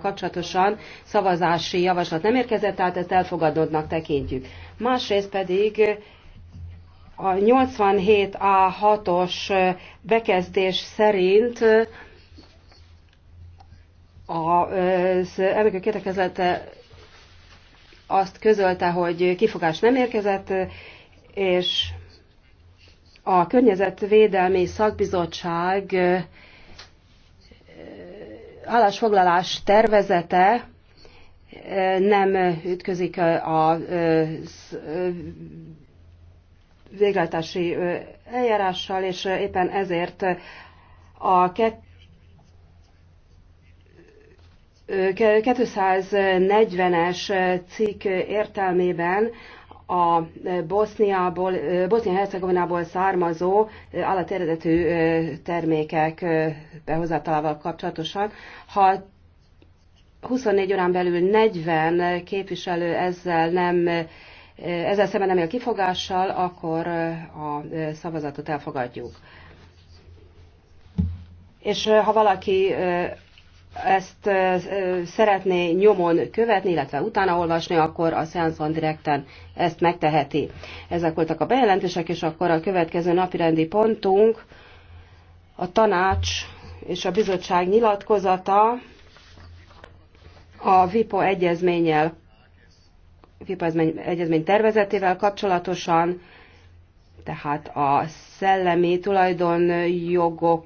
kapcsolatosan szavazási javaslat nem érkezett, tehát ezt elfogadódnak tekintjük. Másrészt pedig a 87A6-os bekezdés szerint az elnökök kétekezlete azt közölte, hogy kifogás nem érkezett, és a Környezetvédelmi Szakbizottság állásfoglalás tervezete eh, nem ütközik eh, a eh, végrehajtási eljárással, és éppen ezért a 240-es cikk értelmében a Boszniából, Bosznia-Hercegovinából származó eh, állateredetű eh, termékek eh, behozatalával kapcsolatosan. Ha 24 órán belül 40 képviselő ezzel nem ezzel szemben nem él kifogással, akkor a szavazatot elfogadjuk. És ha valaki ezt szeretné nyomon követni, illetve utána olvasni, akkor a szeánszban direkten ezt megteheti. Ezek voltak a bejelentések, és akkor a következő napirendi pontunk a tanács és a bizottság nyilatkozata a VIPO egyezménnyel, VIPO egyezmény tervezetével kapcsolatosan, tehát a szellemi tulajdonjogok